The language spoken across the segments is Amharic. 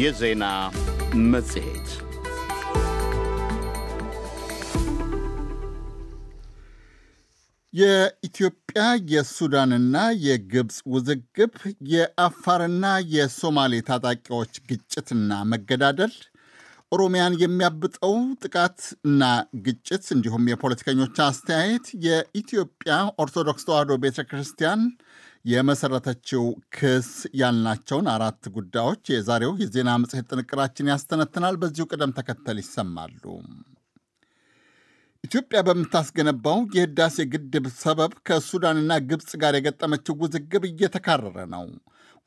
የዜና መጽሔት የኢትዮጵያ የሱዳንና የግብፅ ውዝግብ፣ የአፋርና የሶማሌ ታጣቂዎች ግጭትና መገዳደል፣ ኦሮሚያን የሚያብጠው ጥቃት እና ግጭት እንዲሁም የፖለቲከኞች አስተያየት፣ የኢትዮጵያ ኦርቶዶክስ ተዋሕዶ ቤተ ክርስቲያን የመሰረተችው ክስ ያልናቸውን አራት ጉዳዮች የዛሬው የዜና መጽሔት ጥንቅራችን ያስተነትናል። በዚሁ ቅደም ተከተል ይሰማሉ። ኢትዮጵያ በምታስገነባው የህዳሴ ግድብ ሰበብ ከሱዳንና ግብፅ ጋር የገጠመችው ውዝግብ እየተካረረ ነው።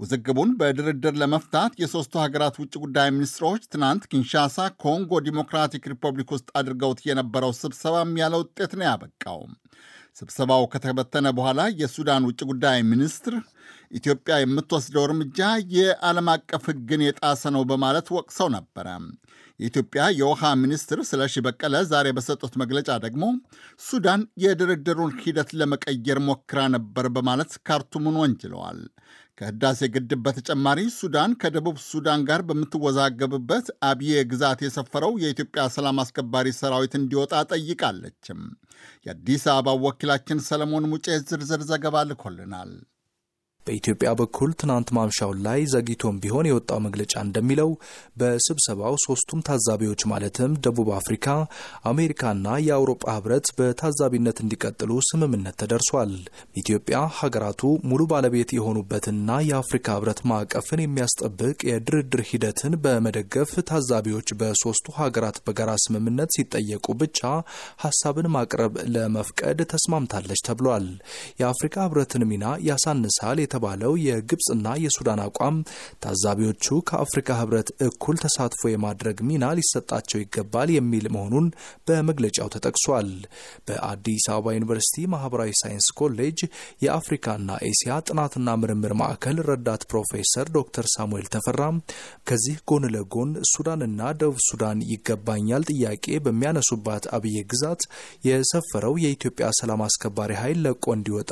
ውዝግቡን በድርድር ለመፍታት የሦስቱ ሀገራት ውጭ ጉዳይ ሚኒስትሮች ትናንት ኪንሻሳ ኮንጎ ዲሞክራቲክ ሪፐብሊክ ውስጥ አድርገውት የነበረው ስብሰባም ያለ ውጤት ነው ያበቃው። ስብሰባው ከተበተነ በኋላ የሱዳን ውጭ ጉዳይ ሚኒስትር ኢትዮጵያ የምትወስደው እርምጃ የዓለም አቀፍ ሕግን የጣሰ ነው በማለት ወቅሰው ነበረ። የኢትዮጵያ የውሃ ሚኒስትር ስለሺ በቀለ ዛሬ በሰጡት መግለጫ ደግሞ ሱዳን የድርድሩን ሂደት ለመቀየር ሞክራ ነበር በማለት ካርቱምን ወንጅለዋል። ከህዳሴ ግድብ በተጨማሪ ሱዳን ከደቡብ ሱዳን ጋር በምትወዛገብበት አብዬ ግዛት የሰፈረው የኢትዮጵያ ሰላም አስከባሪ ሰራዊት እንዲወጣ ጠይቃለችም። የአዲስ አበባ ወኪላችን ሰለሞን ሙጬ ዝርዝር ዘገባ ልኮልናል። በኢትዮጵያ በኩል ትናንት ማምሻውን ላይ ዘግይቶም ቢሆን የወጣው መግለጫ እንደሚለው በስብሰባው ሶስቱም ታዛቢዎች ማለትም ደቡብ አፍሪካ፣ አሜሪካና የአውሮፓ ህብረት በታዛቢነት እንዲቀጥሉ ስምምነት ተደርሷል። ኢትዮጵያ ሀገራቱ ሙሉ ባለቤት የሆኑበትና የአፍሪካ ህብረት ማዕቀፍን የሚያስጠብቅ የድርድር ሂደትን በመደገፍ ታዛቢዎች በሶስቱ ሀገራት በጋራ ስምምነት ሲጠየቁ ብቻ ሀሳብን ማቅረብ ለመፍቀድ ተስማምታለች ተብሏል። የአፍሪካ ህብረትን ሚና ያሳንሳል የተባለው የግብፅና የሱዳን አቋም ታዛቢዎቹ ከአፍሪካ ህብረት እኩል ተሳትፎ የማድረግ ሚና ሊሰጣቸው ይገባል የሚል መሆኑን በመግለጫው ተጠቅሷል። በአዲስ አበባ ዩኒቨርሲቲ ማህበራዊ ሳይንስ ኮሌጅ የአፍሪካና ኤስያ ጥናትና ምርምር ማዕከል ረዳት ፕሮፌሰር ዶክተር ሳሙኤል ተፈራ ከዚህ ጎን ለጎን ሱዳንና ደቡብ ሱዳን ይገባኛል ጥያቄ በሚያነሱባት አብዬ ግዛት የሰፈረው የኢትዮጵያ ሰላም አስከባሪ ኃይል ለቆ እንዲወጣ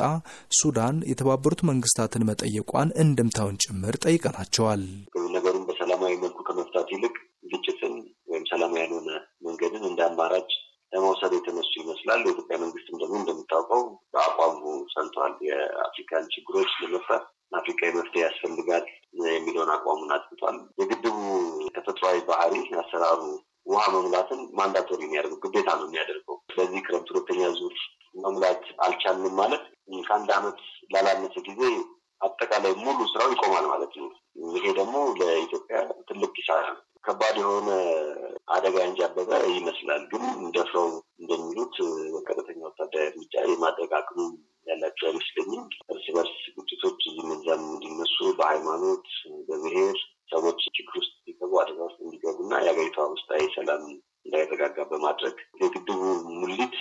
ሱዳን የተባበሩት መንግስታት መፍታትን መጠየቋን እንድምታውን ጭምር ጠይቀናቸዋል። ነገሩን በሰላማዊ መልኩ ከመፍታት ይልቅ ግጭትን ወይም ሰላማዊ ያልሆነ መንገድን እንደ አማራጭ ለመውሰድ የተነሱ ይመስላል። የኢትዮጵያ መንግስትም ደግሞ እንደምታውቀው በአቋሙ ጸንቷል። የአፍሪካን ችግሮች ለመፍታት አፍሪካዊ መፍትሄ ያስፈልጋል የሚለውን አቋሙን አጥብቷል። የግድቡ ተፈጥሯዊ ባህሪ አሰራሩ ውሃ መሙላትን ማንዳቶሪ የሚያደርገው ግዴታ ነው የሚያደርገው። በዚህ ክረምት ሁለተኛ ዙር መሙላት አልቻልንም ማለት ከአንድ አመት ላላነሰ ጊዜ አጠቃላይ ሙሉ ስራው ይቆማል ማለት ነው። ይሄ ደግሞ ለኢትዮጵያ ትልቅ ኪሳራ ነው። ከባድ የሆነ አደጋ እንጂ አበበ ይመስላል። ግን እንደፍረው እንደሚሉት በቀጥተኛ ወታደራዊ እርምጃ የማድረግ አቅሙ ያላቸው አይመስለኝም። እርስ በርስ ግጭቶች እዚህም እዚያም እንዲነሱ በሃይማኖት በብሔር ሰዎች ችግር ውስጥ እንዲገቡ አደጋ ውስጥ እንዲገቡ እንዲገቡና የአገሪቷ ውስጣዊ ሰላም እንዳይረጋጋ በማድረግ የግድቡ ሙሊት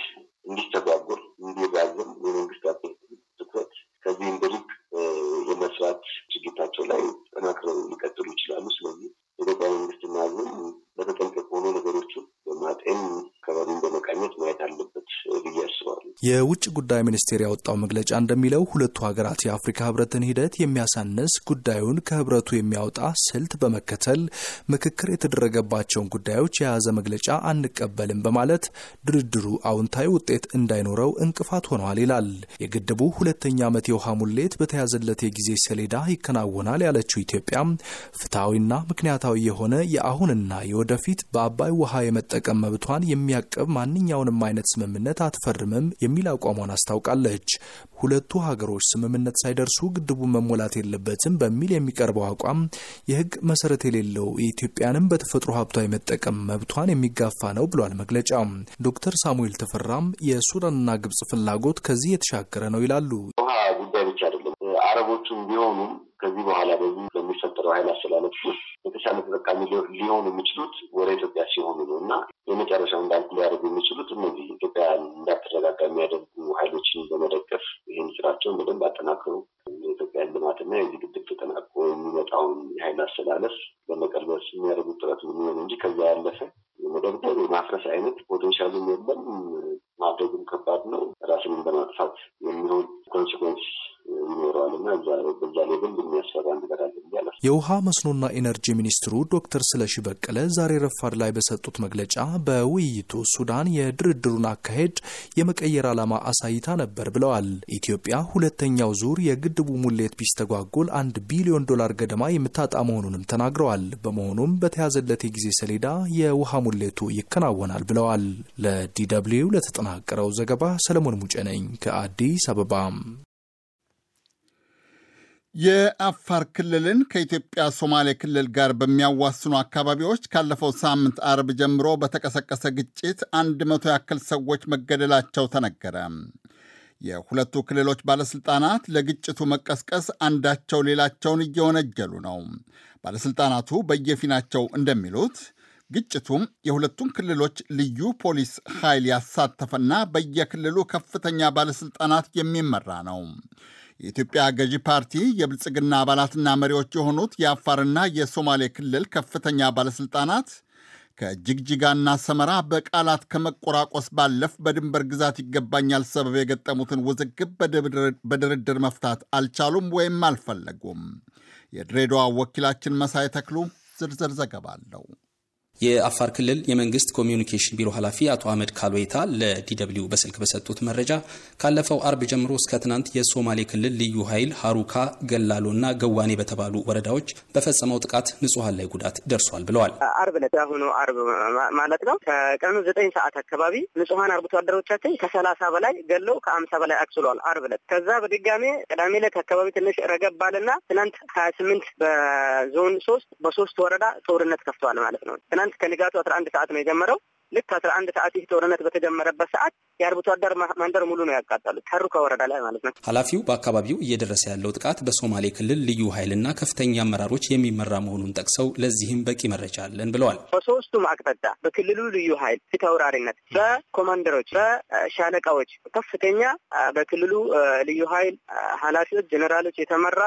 እንዲስተጓጎል እንዲራዘም የመንግስት ትኩረት ከዚህ የውጭ ጉዳይ ሚኒስቴር ያወጣው መግለጫ እንደሚለው ሁለቱ ሀገራት የአፍሪካ ህብረትን ሂደት የሚያሳንስ ጉዳዩን ከህብረቱ የሚያወጣ ስልት በመከተል ምክክር የተደረገባቸውን ጉዳዮች የያዘ መግለጫ አንቀበልም በማለት ድርድሩ አውንታዊ ውጤት እንዳይኖረው እንቅፋት ሆነዋል ይላል። የግድቡ ሁለተኛ ዓመት የውሃ ሙሌት በተያዘለት የጊዜ ሰሌዳ ይከናወናል ያለችው ኢትዮጵያ ፍትሐዊና ምክንያታዊ የሆነ የአሁንና የወደፊት በአባይ ውሃ የመጠቀም መብቷን የሚያቀብ ማንኛውንም አይነት ስምምነት አትፈርምም የሚል አቋሟን አስታውቃለች። ሁለቱ ሀገሮች ስምምነት ሳይደርሱ ግድቡ መሞላት የለበትም በሚል የሚቀርበው አቋም የህግ መሰረት የሌለው የኢትዮጵያንም በተፈጥሮ ሀብቷ የመጠቀም መብቷን የሚጋፋ ነው ብሏል መግለጫ። ዶክተር ሳሙኤል ተፈራም የሱዳንና ግብጽ ፍላጎት ከዚህ የተሻገረ ነው ይላሉ። ውሃ ጉዳይ ብቻ አይደለም አረቦቹም ቢሆኑም ከዚህ በኋላ በዚህ በሚፈጠረው ኃይል ውስጥ የተሻለ ተጠቃሚ ሊሆኑ የሚችሉት ወደ ኢትዮጵያ ሲሆኑ ነው እና የመጨረሻው እንዳልኩ ሊያደርጉ የሚችሉት እነዚህ ኢትዮጵያ እንዳትረጋጋ የሚያደርጉ ኃይሎችን በመደገፍ ይህን ስራቸውን በደንብ አጠናክሩ የኢትዮጵያን ልማትና የዚህ ግድብ ተጠናቆ የሚመጣውን የኃይል አስተላለፍ ለመቀልበስ የሚያደርጉት ጥረት ምን የሚሆን እንጂ ከዛ ያለፈ የውሃ መስኖና ኢነርጂ ሚኒስትሩ ዶክተር ስለሺ በቀለ ዛሬ ረፋድ ላይ በሰጡት መግለጫ በውይይቱ ሱዳን የድርድሩን አካሄድ የመቀየር ዓላማ አሳይታ ነበር ብለዋል። ኢትዮጵያ ሁለተኛው ዙር የግድቡ ሙሌት ቢስተጓጎል አንድ ቢሊዮን ዶላር ገደማ የምታጣ መሆኑንም ተናግረዋል። በመሆኑም በተያዘለት የጊዜ ሰሌዳ የውሃ ሙሌቱ ይከናወናል ብለዋል። ለዲ ደብልዩ ለተጠናቀረው ዘገባ ሰለሞን ሙጬ ነኝ ከአዲስ አበባ። የአፋር ክልልን ከኢትዮጵያ ሶማሌ ክልል ጋር በሚያዋስኑ አካባቢዎች ካለፈው ሳምንት አርብ ጀምሮ በተቀሰቀሰ ግጭት አንድ መቶ ያክል ሰዎች መገደላቸው ተነገረ። የሁለቱ ክልሎች ባለሥልጣናት ለግጭቱ መቀስቀስ አንዳቸው ሌላቸውን እየወነጀሉ ነው። ባለሥልጣናቱ በየፊናቸው እንደሚሉት ግጭቱም የሁለቱን ክልሎች ልዩ ፖሊስ ኃይል ያሳተፈና በየክልሉ ከፍተኛ ባለሥልጣናት የሚመራ ነው። የኢትዮጵያ ገዢ ፓርቲ የብልጽግና አባላትና መሪዎች የሆኑት የአፋርና የሶማሌ ክልል ከፍተኛ ባለሥልጣናት ከጅግጅጋና ሰመራ በቃላት ከመቆራቆስ ባለፍ በድንበር ግዛት ይገባኛል ሰበብ የገጠሙትን ውዝግብ በድርድር መፍታት አልቻሉም ወይም አልፈለጉም። የድሬዳዋ ወኪላችን መሳይ ተክሉ ዝርዝር ዘገባ አለው። የአፋር ክልል የመንግስት ኮሚዩኒኬሽን ቢሮ ኃላፊ አቶ አህመድ ካልዌታ ለዲደብሊው በስልክ በሰጡት መረጃ ካለፈው አርብ ጀምሮ እስከ ትናንት የሶማሌ ክልል ልዩ ኃይል ሀሩካ፣ ገላሎ እና ገዋኔ በተባሉ ወረዳዎች በፈጸመው ጥቃት ንጹሀን ላይ ጉዳት ደርሷል ብለዋል። አርብ ዕለት አሁኑ አርብ ማለት ነው። ከቀኑ ዘጠኝ ሰዓት አካባቢ ንጹሀን አርብቶ አደሮቻችን ከሰላሳ በላይ ገሎ ከአምሳ በላይ አክስሏል። አርብ ዕለት ከዛ በድጋሜ ቅዳሜ ዕለት አካባቢ ትንሽ ረገብ ትናንት ሀያ ስምንት በዞን ሶስት በሶስት ወረዳ ጦርነት ከፍተዋል ማለት ነው። ትናንት ከንጋቱ አስራ አንድ ሰዓት ነው የጀመረው። ልክ አስራ አንድ ሰዓት ይህ ጦርነት በተጀመረበት ሰዓት የአርብቶ አደር መንደር ሙሉ ነው ያቃጠሉት፣ ተሩ ከወረዳ ላይ ማለት ነው። ኃላፊው በአካባቢው እየደረሰ ያለው ጥቃት በሶማሌ ክልል ልዩ ኃይልና ከፍተኛ አመራሮች የሚመራ መሆኑን ጠቅሰው ለዚህም በቂ መረጃ አለን ብለዋል። በሶስቱም አቅጣጫ በክልሉ ልዩ ኃይል ፊት አውራሪነት፣ በኮማንደሮች፣ በሻለቃዎች ከፍተኛ በክልሉ ልዩ ኃይል ኃላፊዎች ጀኔራሎች የተመራ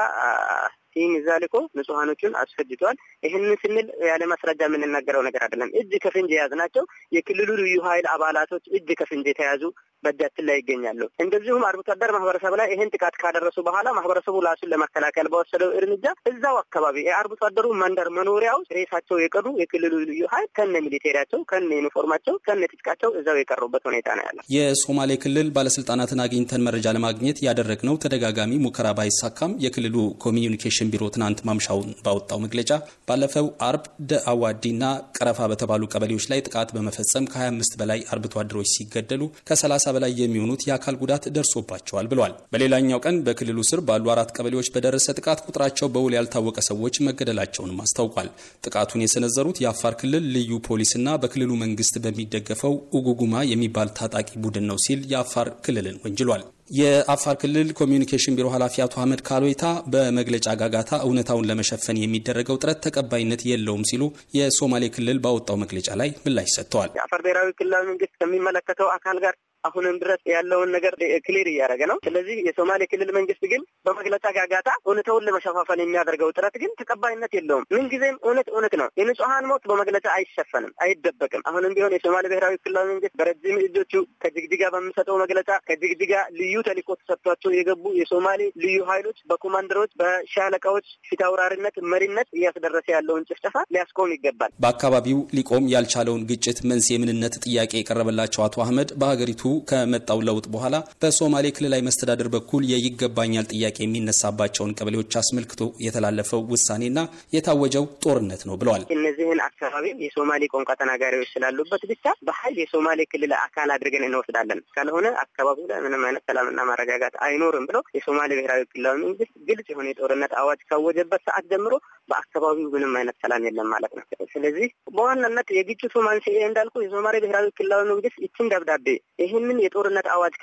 ፊ ሚዛሊኮ ንጹሐኖቹን አስፈጅቷል። ይህንን ስንል ያለ ማስረጃ የምንናገረው ነገር አይደለም። እጅ ከፍንጅ የያዝናቸው የክልሉ ልዩ ኃይል አባላቶች እጅ ከፍንጅ የተያዙ በእጃችን ላይ ይገኛሉ። እንደዚሁም አርብቶ አደር ማህበረሰብ ላይ ይህን ጥቃት ካደረሱ በኋላ ማህበረሰቡ ራሱን ለመከላከል በወሰደው እርምጃ እዛው አካባቢ የአርብቶ አደሩ መንደር መኖሪያ ውስጥ ሬሳቸው የቀሩ የክልሉ ልዩ ኃይል ከነ ሚሊቴሪያቸው ከነ ዩኒፎርማቸው ከነ ትጥቃቸው እዛው የቀሩበት ሁኔታ ነው ያለው። የሶማሌ ክልል ባለስልጣናትን አግኝተን መረጃ ለማግኘት ያደረግነው ተደጋጋሚ ሙከራ ባይሳካም የክልሉ ኮሚዩኒኬሽን ቢሮ ትናንት ማምሻውን ባወጣው መግለጫ ባለፈው አርብ ደአዋዲና ቀረፋ በተባሉ ቀበሌዎች ላይ ጥቃት በመፈጸም ከ25 በላይ አርብቶ አደሮች ሲገደሉ ከ30 በላይ የሚሆኑት የአካል ጉዳት ደርሶባቸዋል ብሏል። በሌላኛው ቀን በክልሉ ስር ባሉ አራት ቀበሌዎች በደረሰ ጥቃት ቁጥራቸው በውል ያልታወቀ ሰዎች መገደላቸውንም አስታውቋል። ጥቃቱን የሰነዘሩት የአፋር ክልል ልዩ ፖሊስና በክልሉ መንግስት በሚደገፈው ኡጉጉማ የሚባል ታጣቂ ቡድን ነው ሲል የአፋር ክልልን ወንጅሏል። የአፋር ክልል ኮሚዩኒኬሽን ቢሮ ኃላፊ አቶ አህመድ ካሎይታ በመግለጫ ጋጋታ እውነታውን ለመሸፈን የሚደረገው ጥረት ተቀባይነት የለውም ሲሉ የሶማሌ ክልል ባወጣው መግለጫ ላይ ምላሽ ሰጥተዋል። የአፋር ብሔራዊ ክልላዊ መንግስት ከሚመለከተው አካል ጋር አሁንም ድረስ ያለውን ነገር ክሊር እያደረገ ነው። ስለዚህ የሶማሌ ክልል መንግስት ግን በመግለጫ ጋጋታ እውነተውን ለመሸፋፈን የሚያደርገው ጥረት ግን ተቀባይነት የለውም። ምንጊዜም እውነት እውነት ነው። የንጹሀን ሞት በመግለጫ አይሸፈንም፣ አይደበቅም። አሁንም ቢሆን የሶማሌ ብሔራዊ ክልላዊ መንግስት በረጅም እጆቹ ከጅግጅጋ በሚሰጠው መግለጫ ከጅግጅጋ ልዩ ተልእኮ ተሰጥቷቸው የገቡ የሶማሌ ልዩ ኃይሎች በኮማንደሮች በሻለቃዎች ፊታውራሪነት መሪነት እያስደረሰ ያለውን ጭፍጨፋ ሊያስቆም ይገባል። በአካባቢው ሊቆም ያልቻለውን ግጭት መንስኤ ምንነት ጥያቄ የቀረበላቸው አቶ አህመድ በሀገሪቱ ከመጣው ለውጥ በኋላ በሶማሌ ክልላዊ መስተዳደር በኩል የይገባኛል ጥያቄ የሚነሳባቸውን ቀበሌዎች አስመልክቶ የተላለፈው ውሳኔና የታወጀው ጦርነት ነው ብለዋል። እነዚህን አካባቢ የሶማሌ ቋንቋ ተናጋሪዎች ስላሉበት ብቻ በሀይል የሶማሌ ክልል አካል አድርገን እንወስዳለን ካልሆነ አካባቢው ላይ ምንም አይነት ሰላምና ማረጋጋት አይኖርም ብሎ የሶማሌ ብሔራዊ ክልላዊ መንግስት ግልጽ የሆነ የጦርነት አዋጅ ካወጀበት ሰዓት ጀምሮ በአካባቢው ምንም አይነት ሰላም የለም ማለት ነው። ስለዚህ በዋናነት የግጭቱ መንስኤ እንዳልኩ የሶማሌ ብሔራዊ ክልላዊ መንግስት ይችን ደብዳቤ ይህን ይህንን የጦርነት አዋጅ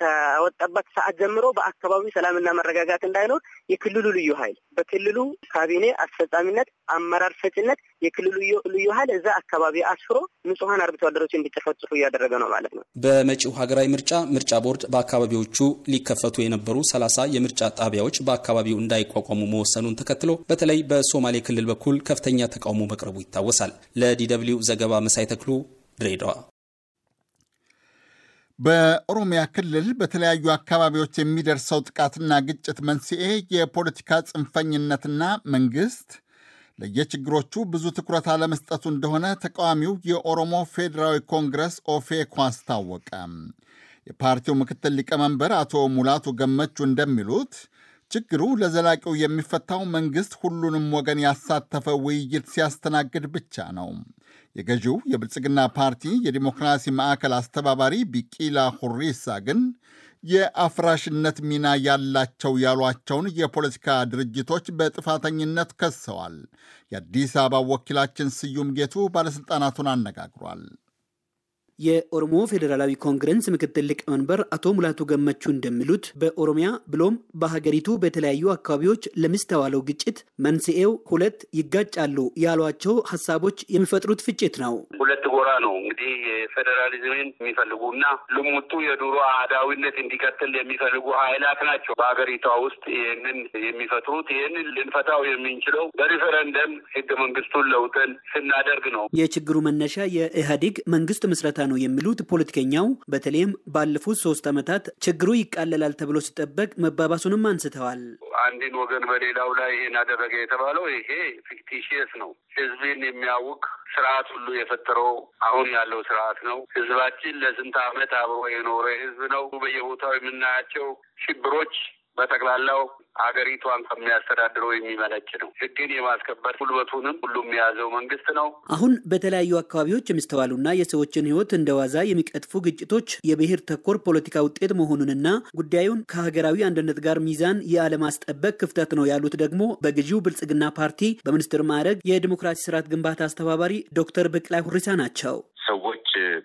ከወጣበት ሰዓት ጀምሮ በአካባቢው ሰላምና መረጋጋት እንዳይኖር የክልሉ ልዩ ኃይል በክልሉ ካቢኔ አስፈጻሚነት አመራር ሰጭነት የክልሉ ልዩ ኃይል እዛ አካባቢ አስፍሮ ንጹሐን አርብቶ አደሮች እንዲጨፈጭፉ እያደረገ ነው ማለት ነው። በመጪው ሀገራዊ ምርጫ ምርጫ ቦርድ በአካባቢዎቹ ሊከፈቱ የነበሩ ሰላሳ የምርጫ ጣቢያዎች በአካባቢው እንዳይቋቋሙ መወሰኑን ተከትሎ በተለይ በሶማሌ ክልል በኩል ከፍተኛ ተቃውሞ መቅረቡ ይታወሳል። ለዲ ዘገባ መሳይ ተክሉ ድሬዳዋ በኦሮሚያ ክልል በተለያዩ አካባቢዎች የሚደርሰው ጥቃትና ግጭት መንስኤ የፖለቲካ ጽንፈኝነትና መንግስት ለየችግሮቹ ብዙ ትኩረት አለመስጠቱ እንደሆነ ተቃዋሚው የኦሮሞ ፌዴራዊ ኮንግረስ ኦፌኮ አስታወቀ። የፓርቲው ምክትል ሊቀመንበር አቶ ሙላቱ ገመቹ እንደሚሉት ችግሩ ለዘላቂው የሚፈታው መንግስት ሁሉንም ወገን ያሳተፈ ውይይት ሲያስተናግድ ብቻ ነው። የገዢው የብልጽግና ፓርቲ የዲሞክራሲ ማዕከል አስተባባሪ ቢቂላ ሁሪሳ ግን የአፍራሽነት ሚና ያላቸው ያሏቸውን የፖለቲካ ድርጅቶች በጥፋተኝነት ከሰዋል። የአዲስ አበባ ወኪላችን ስዩም ጌቱ ባለሥልጣናቱን አነጋግሯል። የኦሮሞ ፌዴራላዊ ኮንግረስ ምክትል ሊቀመንበር አቶ ሙላቱ ገመቹ እንደሚሉት በኦሮሚያ ብሎም በሀገሪቱ በተለያዩ አካባቢዎች ለሚስተዋለው ግጭት መንስኤው ሁለት ይጋጫሉ ያሏቸው ሀሳቦች የሚፈጥሩት ፍጭት ነው። ሁለት ጎራ ነው እንግዲህ የፌዴራሊዝምን የሚፈልጉና ልሙጡ የዱሮ አዳዊነት እንዲቀጥል የሚፈልጉ ኃይላት ናቸው በሀገሪቷ ውስጥ ይህንን የሚፈጥሩት። ይህንን ልንፈታው የምንችለው በሪፈረንደም ህገ መንግስቱን ለውጠን ስናደርግ ነው። የችግሩ መነሻ የኢህአዴግ መንግስት ምስረታ ነው የሚሉት ፖለቲከኛው በተለይም ባለፉት ሶስት ዓመታት ችግሩ ይቃለላል ተብሎ ሲጠበቅ መባባሱንም አንስተዋል። አንድን ወገን በሌላው ላይ ይህን አደረገ የተባለው ይሄ ፊክቲሽየስ ነው። ህዝብን የሚያውቅ ስርዓት ሁሉ የፈጠረው አሁን ያለው ስርዓት ነው። ህዝባችን ለስንት ዓመት አብሮ የኖረ ህዝብ ነው። በየቦታው የምናያቸው ሽብሮች በጠቅላላው አገሪቷን ከሚያስተዳድረው የሚመነጭ ነው። ህግን የማስከበር ጉልበቱንም ሁሉም የያዘው መንግስት ነው። አሁን በተለያዩ አካባቢዎች የሚስተዋሉና የሰዎችን ህይወት እንደ ዋዛ የሚቀጥፉ ግጭቶች የብሔር ተኮር ፖለቲካ ውጤት መሆኑንና ጉዳዩን ከሀገራዊ አንድነት ጋር ሚዛን የአለማስጠበቅ ክፍተት ነው ያሉት ደግሞ በገዢው ብልጽግና ፓርቲ በሚኒስትር ማዕረግ የዲሞክራሲ ስርዓት ግንባታ አስተባባሪ ዶክተር ብቅላይ ሁሪሳ ናቸው። ሰው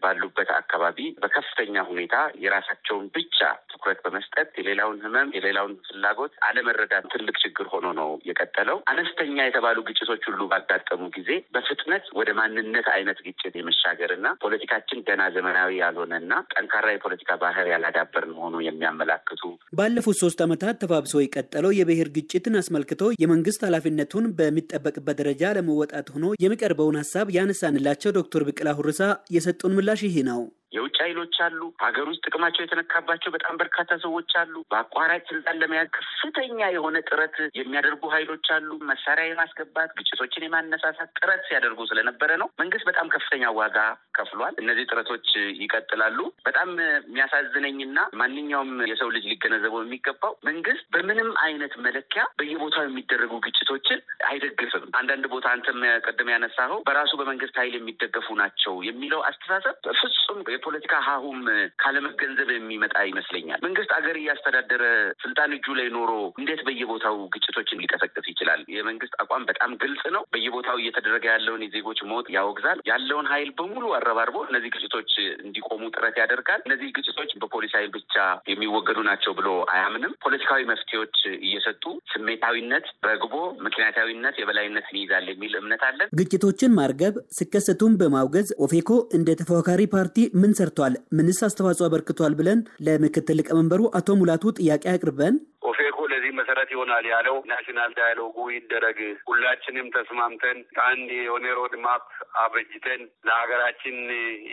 ባሉበት አካባቢ በከፍተኛ ሁኔታ የራሳቸውን ብቻ ትኩረት በመስጠት የሌላውን ህመም የሌላውን ፍላጎት አለመረዳት ትልቅ ችግር ሆኖ ነው የቀጠለው። አነስተኛ የተባሉ ግጭቶች ሁሉ ባጋጠሙ ጊዜ በፍጥነት ወደ ማንነት አይነት ግጭት የመሻገር እና ፖለቲካችን ገና ዘመናዊ ያልሆነ እና ጠንካራ የፖለቲካ ባህል ያላዳበርን መሆኑ የሚያመላክቱ ባለፉት ሶስት ዓመታት ተባብሶ የቀጠለው የብሔር ግጭትን አስመልክቶ የመንግስት ኃላፊነቱን በሚጠበቅበት ደረጃ ለመወጣት ሆኖ የሚቀርበውን ሀሳብ ያነሳንላቸው ዶክተር ብቅላ ሁርሳ የሰጡን ምላ ምላሽ ይህ ነው። የውጭ ኃይሎች አሉ። ሀገር ውስጥ ጥቅማቸው የተነካባቸው በጣም በርካታ ሰዎች አሉ። በአቋራጭ ስልጣን ለመያዝ ከፍተኛ የሆነ ጥረት የሚያደርጉ ኃይሎች አሉ። መሳሪያ የማስገባት ግጭቶችን የማነሳሳት ጥረት ሲያደርጉ ስለነበረ ነው። መንግስት በጣም ከፍተኛ ዋጋ ከፍሏል። እነዚህ ጥረቶች ይቀጥላሉ። በጣም የሚያሳዝነኝና ማንኛውም የሰው ልጅ ሊገነዘበው የሚገባው መንግስት በምንም አይነት መለኪያ በየቦታው የሚደረጉ ግጭቶችን አይደግፍም። አንዳንድ ቦታ አንተም ቅድም ያነሳኸው በራሱ በመንግስት ኃይል የሚደገፉ ናቸው የሚለው አስተሳሰብ ፍጹም የፖለቲካ ሀሁም ካለመገንዘብ የሚመጣ ይመስለኛል። መንግስት አገር እያስተዳደረ ስልጣን እጁ ላይ ኖሮ እንዴት በየቦታው ግጭቶችን ሊቀሰቅስ ይችላል? የመንግስት አቋም በጣም ግልጽ ነው። በየቦታው እየተደረገ ያለውን የዜጎች ሞት ያወግዛል። ያለውን ኃይል በሙሉ አረባርቦ እነዚህ ግጭቶች እንዲቆሙ ጥረት ያደርጋል። እነዚህ ግጭቶች በፖሊስ ሀይል ብቻ የሚወገዱ ናቸው ብሎ አያምንም። ፖለቲካዊ መፍትሄዎች እየሰጡ ስሜታዊነት ረግቦ ምክንያታዊነት የበላይነት ይይዛል የሚል እምነት አለን። ግጭቶችን ማርገብ ሲከሰቱም በማውገዝ ኦፌኮ እንደ ተፎካካሪ ፓርቲ ምን ምን ሰርተዋል፣ ምንስ አስተዋጽኦ አበርክቷል ብለን ለምክትል ሊቀመንበሩ አቶ ሙላቱ ጥያቄ አቅርበን ኦፌኮ ለዚህ መሰረት ይሆናል ያለው ናሽናል ዳያሎጉ ይደረግ፣ ሁላችንም ተስማምተን አንድ የሆነ ሮድ ማፕ አበጅተን ለሀገራችን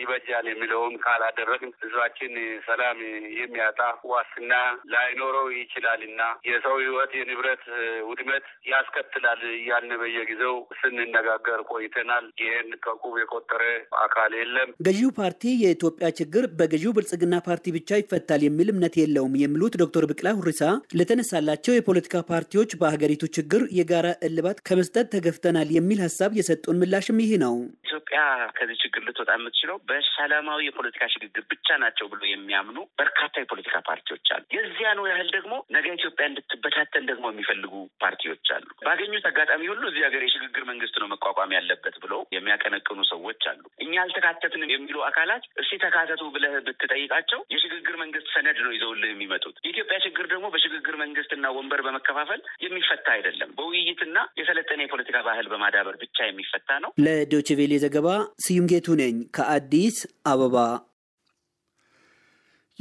ይበጃል የሚለውን ካላደረግን ህዝባችን ሰላም የሚያጣ ዋስትና ላይኖረው ይችላልና የሰው ህይወት የንብረት ውድመት ያስከትላል እያልን በየጊዜው ስንነጋገር ቆይተናል። ይህን ከቁብ የቆጠረ አካል የለም። ገዢው ፓርቲ የኢትዮጵያ ችግር በገዢው ብልጽግና ፓርቲ ብቻ ይፈታል የሚል እምነት የለውም የሚሉት ዶክተር ብቅላ ሁሪሳ ለተነሳላቸው የፖለቲካ ፓርቲዎች በሀገሪቱ ችግር የጋራ እልባት ከመስጠት ተገፍተናል የሚል ሀሳብ የሰጡን ምላሽም ይህ ነው። ኢትዮጵያ ከዚህ ችግር ልትወጣ የምትችለው በሰላማዊ የፖለቲካ ሽግግር ብቻ ናቸው ብሎ የሚያምኑ በርካታ የፖለቲካ ፓርቲዎች አሉ። የዚያኑ ያህል ደግሞ ነገ ኢትዮጵያ እንድትበታተን ደግሞ የሚፈልጉ ፓርቲዎች አሉ። ባገኙት አጋጣሚ ሁሉ እዚህ ሀገር የሽግግር መንግስት ነው መቋቋም ያለበት ብለው የሚያቀነቅኑ ሰዎች አሉ። እኛ አልተካተትንም የሚሉ አካላት እስቲ ተካተቱ ብለህ ብትጠይቃቸው የሽግግር መንግስት ሰነድ ነው ይዘውልህ የሚመጡት። የኢትዮጵያ ችግር ደግሞ በሽግግር መንግስትና ወንበር በመከፋፈል የሚፈታ አይደለም። በውይይትና የሰለጠነ የፖለቲካ ባህል በማዳበር ብቻ የሚፈታ ነው። ለዶች ዶቼቬሌ ዘገባ ስዩም ጌቱ ነኝ ከአዲስ አበባ።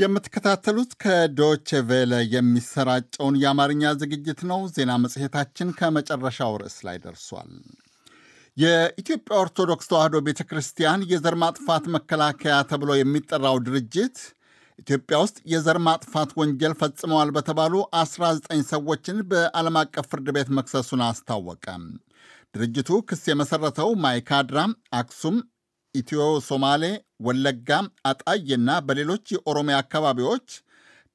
የምትከታተሉት ከዶቼ ቬለ የሚሰራጨውን የአማርኛ ዝግጅት ነው። ዜና መጽሔታችን ከመጨረሻው ርዕስ ላይ ደርሷል። የኢትዮጵያ ኦርቶዶክስ ተዋሕዶ ቤተ ክርስቲያን የዘር ማጥፋት መከላከያ ተብሎ የሚጠራው ድርጅት ኢትዮጵያ ውስጥ የዘር ማጥፋት ወንጀል ፈጽመዋል በተባሉ 19 ሰዎችን በዓለም አቀፍ ፍርድ ቤት መክሰሱን አስታወቀ። ድርጅቱ ክስ የመሰረተው ማይካድራ፣ አክሱም፣ ኢትዮ ሶማሌ፣ ወለጋ፣ አጣዬና በሌሎች የኦሮሚያ አካባቢዎች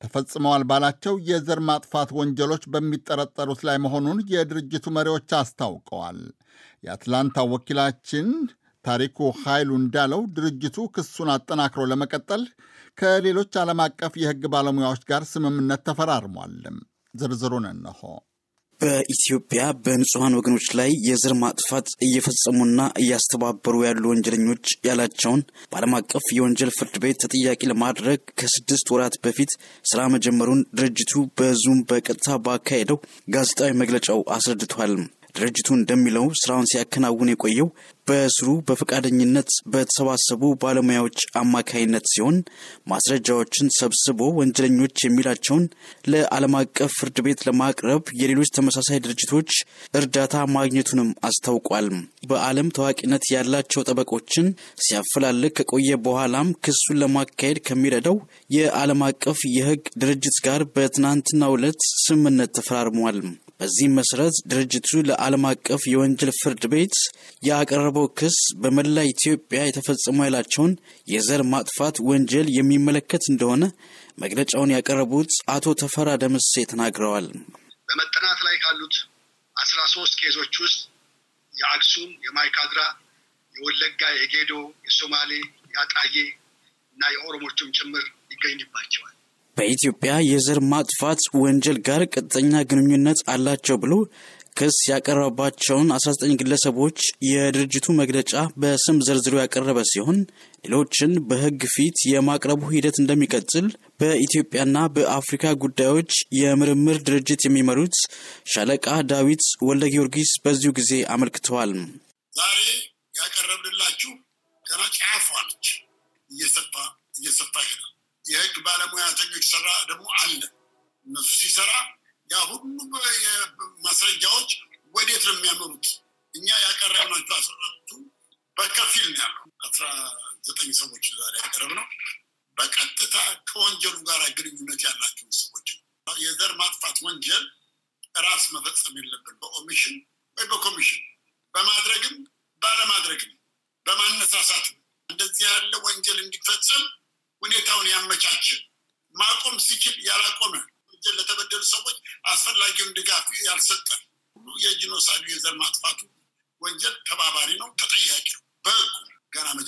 ተፈጽመዋል ባላቸው የዘር ማጥፋት ወንጀሎች በሚጠረጠሩት ላይ መሆኑን የድርጅቱ መሪዎች አስታውቀዋል። የአትላንታ ወኪላችን ታሪኩ ኃይሉ እንዳለው ድርጅቱ ክሱን አጠናክሮ ለመቀጠል ከሌሎች ዓለም አቀፍ የሕግ ባለሙያዎች ጋር ስምምነት ተፈራርሟል። ዝርዝሩን እነሆ። በኢትዮጵያ በንጹሐን ወገኖች ላይ የዘር ማጥፋት እየፈጸሙና እያስተባበሩ ያሉ ወንጀለኞች ያላቸውን በዓለም አቀፍ የወንጀል ፍርድ ቤት ተጠያቂ ለማድረግ ከስድስት ወራት በፊት ስራ መጀመሩን ድርጅቱ በዙም በቀጥታ ባካሄደው ጋዜጣዊ መግለጫው አስረድቷል። ድርጅቱ እንደሚለው ስራውን ሲያከናውን የቆየው በስሩ በፈቃደኝነት በተሰባሰቡ ባለሙያዎች አማካይነት ሲሆን ማስረጃዎችን ሰብስቦ ወንጀለኞች የሚላቸውን ለዓለም አቀፍ ፍርድ ቤት ለማቅረብ የሌሎች ተመሳሳይ ድርጅቶች እርዳታ ማግኘቱንም አስታውቋል። በዓለም ታዋቂነት ያላቸው ጠበቆችን ሲያፈላልግ ከቆየ በኋላም ክሱን ለማካሄድ ከሚረዳው የዓለም አቀፍ የህግ ድርጅት ጋር በትናንትናው ዕለት ስምምነት ተፈራርሟል። በዚህም መሰረት ድርጅቱ ለዓለም አቀፍ የወንጀል ፍርድ ቤት ያቀረበው ክስ በመላ ኢትዮጵያ የተፈጸሙ ያላቸውን የዘር ማጥፋት ወንጀል የሚመለከት እንደሆነ መግለጫውን ያቀረቡት አቶ ተፈራ ደምሴ ተናግረዋል። በመጠናት ላይ ካሉት አስራ ሶስት ኬዞች ውስጥ የአክሱም፣ የማይካድራ፣ የወለጋ፣ የጌዶ፣ የሶማሌ፣ የአጣዬ እና የኦሮሞቹም ጭምር ይገኝባቸዋል። በኢትዮጵያ የዘር ማጥፋት ወንጀል ጋር ቀጥተኛ ግንኙነት አላቸው ብሎ ክስ ያቀረበባቸውን 19 ግለሰቦች የድርጅቱ መግለጫ በስም ዘርዝሮ ያቀረበ ሲሆን ሌሎችን በሕግ ፊት የማቅረቡ ሂደት እንደሚቀጥል በኢትዮጵያና በአፍሪካ ጉዳዮች የምርምር ድርጅት የሚመሩት ሻለቃ ዳዊት ወልደ ጊዮርጊስ በዚሁ ጊዜ አመልክተዋል። ዛሬ ያቀረብንላችሁ ከራጭ ጫፏ እየሰፋ እየሰፋ ይሄዳል። የህግ ባለሙያተኞች ሰራ ደግሞ አለ። እነሱ ሲሰራ ያ ሁሉ ማስረጃዎች ወዴት ነው የሚያመሩት? እኛ ያቀረብናቸው አስራቱ በከፊል ነው ያለው። አስራ ዘጠኝ ሰዎች ዛሬ ያቀረብ ነው። በቀጥታ ከወንጀሉ ጋር ግንኙነት ያላቸውን ሰዎች የዘር ማጥፋት ወንጀል ራስ መፈጸም የለብን በኦሚሽን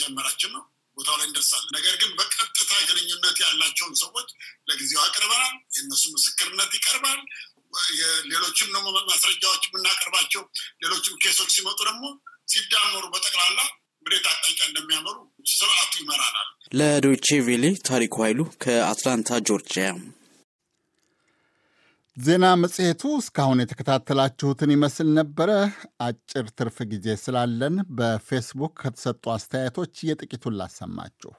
መጀመራችን ነው። ቦታው ላይ እንደርሳለን። ነገር ግን በቀጥታ ግንኙነት ያላቸውን ሰዎች ለጊዜው አቅርበናል። የእነሱ ምስክርነት ይቀርባል። ሌሎችም ደግሞ ማስረጃዎች የምናቀርባቸው ሌሎችም ኬሶች ሲመጡ ደግሞ ሲዳመሩ በጠቅላላ ወዴት አቅጣጫ እንደሚያመሩ ስርዓቱ ይመራናል። ለዶቼ ቬሌ ታሪኩ ኃይሉ ከአትላንታ ጆርጂያ ዜና መጽሔቱ እስካሁን የተከታተላችሁትን ይመስል ነበረ። አጭር ትርፍ ጊዜ ስላለን በፌስቡክ ከተሰጡ አስተያየቶች የጥቂቱን ላሰማችሁ።